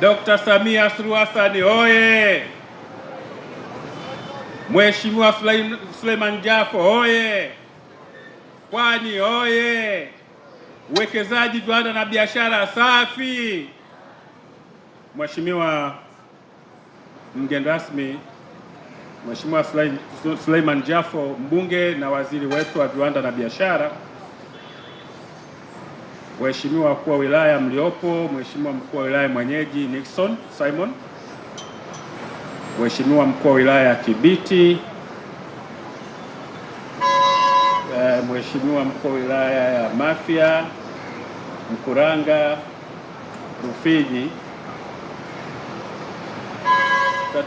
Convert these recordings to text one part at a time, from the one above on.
Dr. Samia Suluhu Hassan oye! Mheshimiwa Suleiman Jafo oye! Pwani oye! Uwekezaji, viwanda na biashara safi. Mheshimiwa mgeni rasmi, Mheshimiwa Suleiman Jafo, mbunge na waziri wetu wa viwanda na biashara waheshimiwa wakuu wa wilaya mliopo, Mheshimiwa mkuu wa wilaya mwenyeji Nixon Simon, Mheshimiwa mkuu wa wilaya ya Kibiti, eh, Mheshimiwa mkuu wa wilaya ya Mafia, Mkuranga, Rufiji,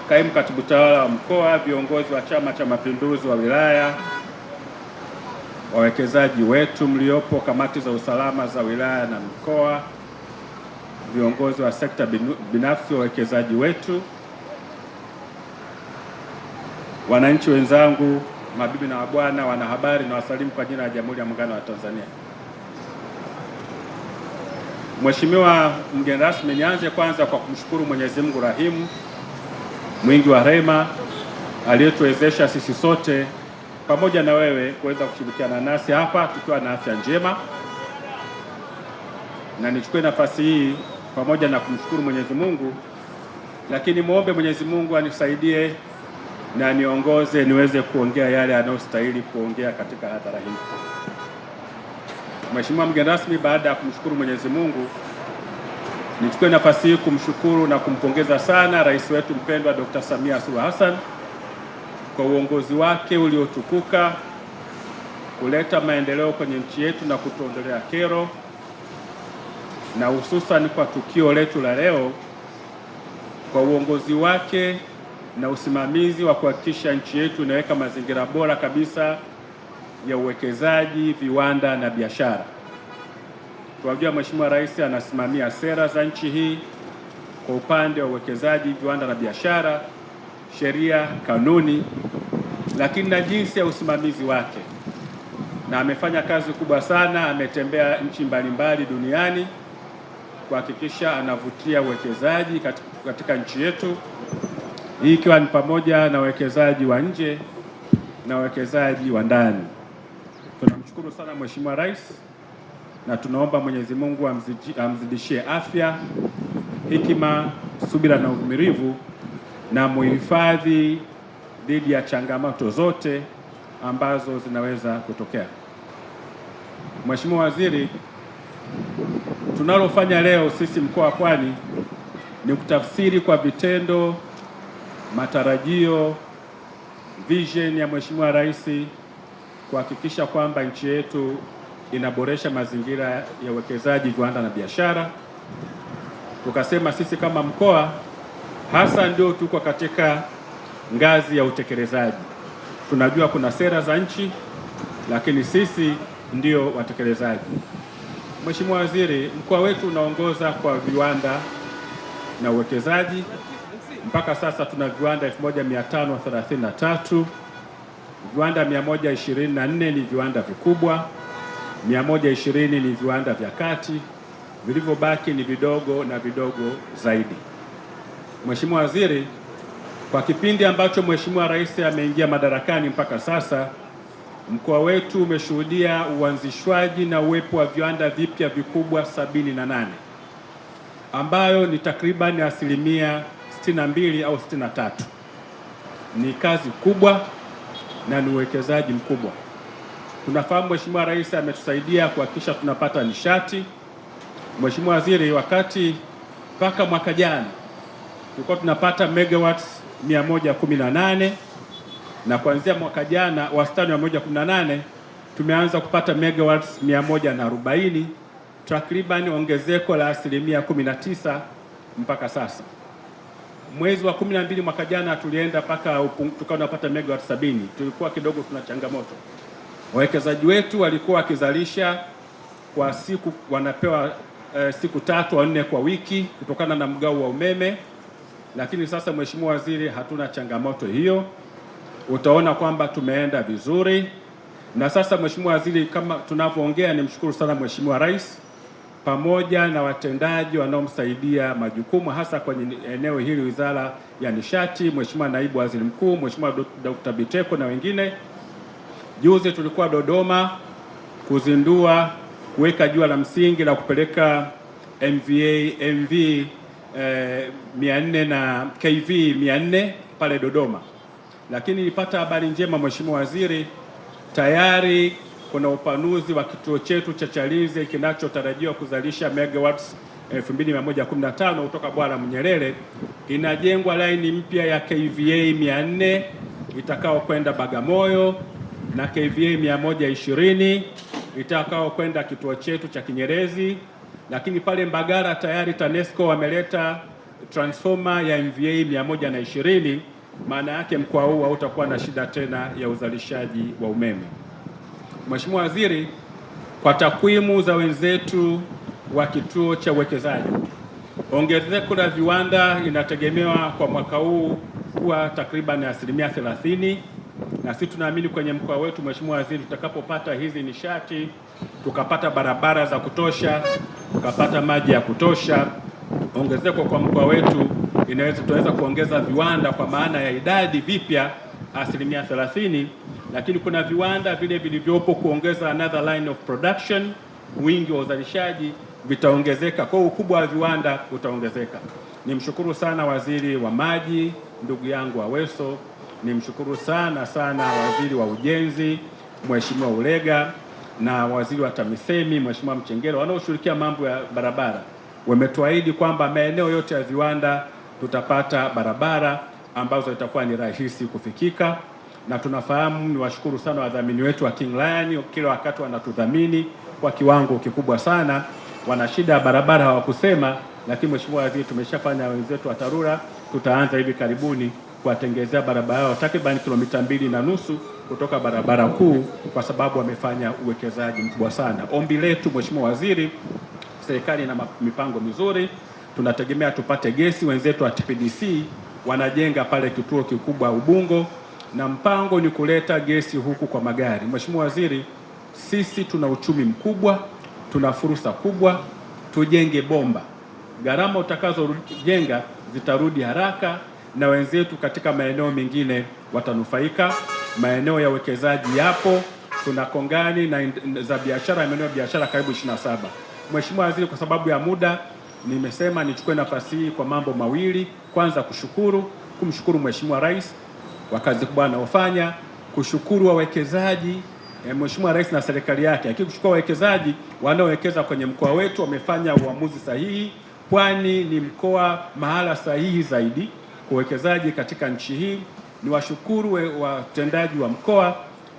kaimu katibu tawala wa mkoa, viongozi wa Chama cha Mapinduzi wa wilaya wawekezaji wetu mliopo, kamati za usalama za wilaya na mkoa, viongozi wa sekta binafsi, wawekezaji wetu, wananchi wenzangu, mabibi na mabwana, wanahabari, na wasalimu kwa jina la Jamhuri ya Muungano wa Tanzania. Mheshimiwa mgeni rasmi, nianze kwanza kwa kumshukuru Mwenyezi Mungu rahimu, mwingi wa rehema, aliyetuwezesha sisi sote pamoja na wewe kuweza kushirikiana nasi hapa tukiwa na afya njema, na nichukue nafasi hii pamoja na kumshukuru Mwenyezi Mungu, lakini muombe Mwenyezi Mungu anisaidie na niongoze niweze kuongea yale anayostahili kuongea katika hadhara hii. Mheshimiwa mgeni rasmi, baada ya kumshukuru Mwenyezi Mungu, nichukue nafasi hii kumshukuru na kumpongeza sana rais wetu mpendwa Dr. Samia Suluhu Hassan kwa uongozi wake uliotukuka kuleta maendeleo kwenye nchi yetu na kutuondolea kero, na hususan kwa tukio letu la leo, kwa uongozi wake na usimamizi wa kuhakikisha nchi yetu inaweka mazingira bora kabisa ya uwekezaji, viwanda na biashara. Tunajua Mheshimiwa Rais anasimamia sera za nchi hii kwa upande wa uwekezaji, viwanda na biashara, sheria, kanuni lakini na jinsi ya usimamizi wake, na amefanya kazi kubwa sana. Ametembea nchi mbalimbali duniani kuhakikisha anavutia uwekezaji katika nchi yetu, hii ikiwa ni pamoja na uwekezaji wa nje na uwekezaji wa ndani. Tunamshukuru sana Mheshimiwa Rais na tunaomba Mwenyezi Mungu amzidishie afya, hikima subira na uvumilivu na muhifadhi dhidi ya changamoto zote ambazo zinaweza kutokea. Mheshimiwa Waziri, tunalofanya leo sisi mkoa wa Pwani ni kutafsiri kwa vitendo matarajio, vision ya Mheshimiwa Rais kuhakikisha kwamba nchi yetu inaboresha mazingira ya uwekezaji, viwanda na biashara. Tukasema sisi kama mkoa hasa ndio tuko katika ngazi ya utekelezaji. Tunajua kuna sera za nchi, lakini sisi ndio watekelezaji. Mheshimiwa Waziri, mkoa wetu unaongoza kwa viwanda na uwekezaji. Mpaka sasa tuna viwanda 1533 viwanda 124 ni viwanda vikubwa, 120 ni viwanda vya kati, vilivyobaki ni vidogo na vidogo zaidi. Mheshimiwa Waziri, kwa kipindi ambacho Mheshimiwa Rais ameingia madarakani mpaka sasa, mkoa wetu umeshuhudia uanzishwaji na uwepo wa viwanda vipya vikubwa 78 ambayo ni takriban asilimia 62 au 63. Ni kazi kubwa na ni uwekezaji mkubwa. Tunafahamu Mheshimiwa Rais ametusaidia kuhakikisha tunapata nishati. Mheshimiwa Waziri, wakati mpaka mwaka jana tulikuwa tunapata megawatts 118 na kuanzia mwaka jana wastani wa 118 tumeanza kupata megawatts 140 takriban ongezeko la asilimia 19 mpaka sasa. Mwezi wa 12 mwaka jana tulienda mpaka tukawa tunapata megawatts 70. Tulikuwa kidogo tuna changamoto, wawekezaji wetu walikuwa wakizalisha kwa siku wanapewa eh, siku tatu au nne kwa wiki kutokana na mgao wa umeme lakini sasa, Mheshimiwa Waziri, hatuna changamoto hiyo. Utaona kwamba tumeenda vizuri, na sasa, Mheshimiwa Waziri, kama tunavyoongea, nimshukuru sana Mheshimiwa Rais pamoja na watendaji wanaomsaidia majukumu hasa kwenye eneo hili, Wizara ya Nishati, Mheshimiwa Naibu Waziri Mkuu, Mheshimiwa Dr. Biteko na wengine. Juzi tulikuwa Dodoma kuzindua kuweka jua la msingi la kupeleka MVA MV eh, na KV 400 pale Dodoma, lakini nilipata habari njema, Mheshimiwa Waziri, tayari kuna upanuzi wa kituo chetu cha Chalinze kinachotarajiwa kuzalisha megawatts 2115 kutoka Bwaramu Mnyerere. Inajengwa laini mpya ya KVA 400 kwenda Bagamoyo na KVA 120 kwenda kituo chetu cha Kinyerezi lakini pale mbagara tayari TANESCO wameleta transformer ya MVA 120 maana yake mkoa huu hautakuwa na shida tena ya uzalishaji wa umeme. Mheshimiwa Waziri, kwa takwimu za wenzetu wa kituo cha uwekezaji, ongezeko la viwanda linategemewa kwa mwaka huu kuwa takriban asilimia 30, na sisi tunaamini kwenye mkoa wetu, Mheshimiwa Waziri, tutakapopata hizi nishati tukapata barabara za kutosha tukapata maji ya kutosha. Ongezeko kwa mkoa wetu inaweza tunaweza kuongeza viwanda kwa maana ya idadi vipya asilimia 30, lakini kuna viwanda vile vilivyopo kuongeza another line of production, wingi wa uzalishaji vitaongezeka, kwa ukubwa wa viwanda utaongezeka. Nimshukuru sana waziri wa maji ndugu yangu Aweso, nimshukuru sana sana waziri wa ujenzi Mheshimiwa Ulega na waziri wa TAMISEMI Mheshimiwa Mchengero wanaoshughulikia mambo ya barabara wametuahidi kwamba maeneo yote ya viwanda tutapata barabara ambazo itakuwa ni rahisi kufikika, na tunafahamu, ni washukuru sana wadhamini wetu wa King Lion, kila wakati wanatudhamini kwa kiwango kikubwa sana. Wana shida ya barabara hawakusema, lakini Mheshimiwa Waziri, tumeshafanya wenzetu wa TARURA, tutaanza hivi karibuni kuwatengezea barabara yao takriban kilomita mbili na nusu kutoka barabara kuu kwa sababu wamefanya uwekezaji mkubwa sana. Ombi letu Mheshimiwa Waziri, serikali ina mipango mizuri, tunategemea tupate gesi. Wenzetu wa TPDC wanajenga pale kituo kikubwa Ubungo, na mpango ni kuleta gesi huku kwa magari. Mheshimiwa Waziri, sisi tuna uchumi mkubwa, tuna fursa kubwa, tujenge bomba. Gharama utakazojenga zitarudi haraka na wenzetu katika maeneo mengine watanufaika maeneo ya uwekezaji yapo, tuna kongani na za biashara, maeneo ya biashara karibu 27. Mheshimiwa Waziri, kwa sababu ya muda nimesema nichukue nafasi hii kwa mambo mawili. Kwanza kushukuru, kumshukuru Mheshimiwa Rais kwa kazi kubwa anayofanya, kushukuru wawekezaji eh, Mheshimiwa Rais na serikali yake, lakini kuchukua wawekezaji wanaowekeza kwenye mkoa wetu, wamefanya uamuzi sahihi. Pwani ni mkoa mahala sahihi zaidi kwa uwekezaji katika nchi hii ni washukuru watendaji wa mkoa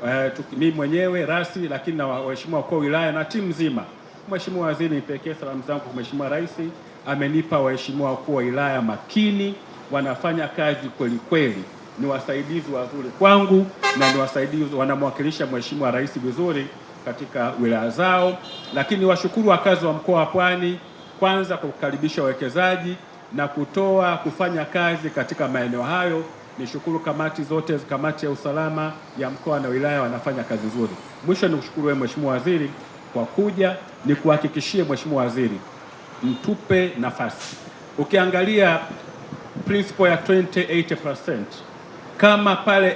eh, uh, mimi mwenyewe rasi lakini na waheshimiwa wakuu wa wilaya na timu nzima. Mheshimiwa Waziri, nipekee salamu zangu kwa Mheshimiwa Rais, amenipa waheshimiwa wakuu wa wilaya makini, wanafanya kazi kweli kweli, ni wasaidizi wazuri kwangu na ni wasaidizi wanamwakilisha Mheshimiwa Rais vizuri katika wilaya zao, lakini ni washukuru wakazi wa mkoa wa Pwani kwanza kwa kukaribisha wawekezaji na kutoa kufanya kazi katika maeneo hayo Nishukuru kamati zote, kamati ya usalama ya mkoa na wilaya wanafanya kazi nzuri. Mwisho nikushukuru wewe Mheshimiwa Waziri kwa kuja, nikuhakikishie Mheshimiwa Waziri, mtupe nafasi. Ukiangalia principle ya 20 80%, kama pale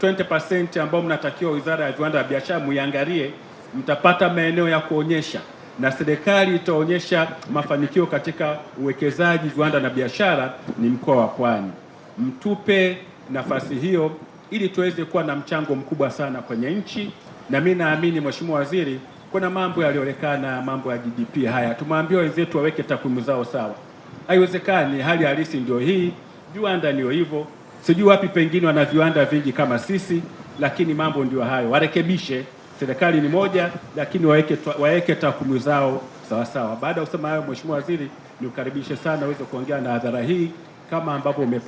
80, 20% ambao mnatakiwa Wizara ya Viwanda na Biashara muiangalie, mtapata maeneo ya kuonyesha na serikali itaonyesha mafanikio katika uwekezaji viwanda na biashara ni mkoa wa Pwani mtupe nafasi hiyo ili tuweze kuwa na mchango mkubwa sana kwenye nchi, na mi naamini Mheshimiwa Waziri, kuna mambo yaliyoonekana mambo ya GDP haya, tumwambie wenzetu waweke takwimu zao sawa. Haiwezekani, hali halisi ndio hii, viwanda ndio hivyo, sijui wapi pengine wana viwanda vingi kama sisi, lakini mambo ndio hayo, warekebishe. Serikali ni moja, lakini waweke waweke takwimu zao sawa sawa. Baada ya kusema hayo, Mheshimiwa Waziri, nikukaribishe sana uweze kuongea na hadhara hii kama ambavyo umepata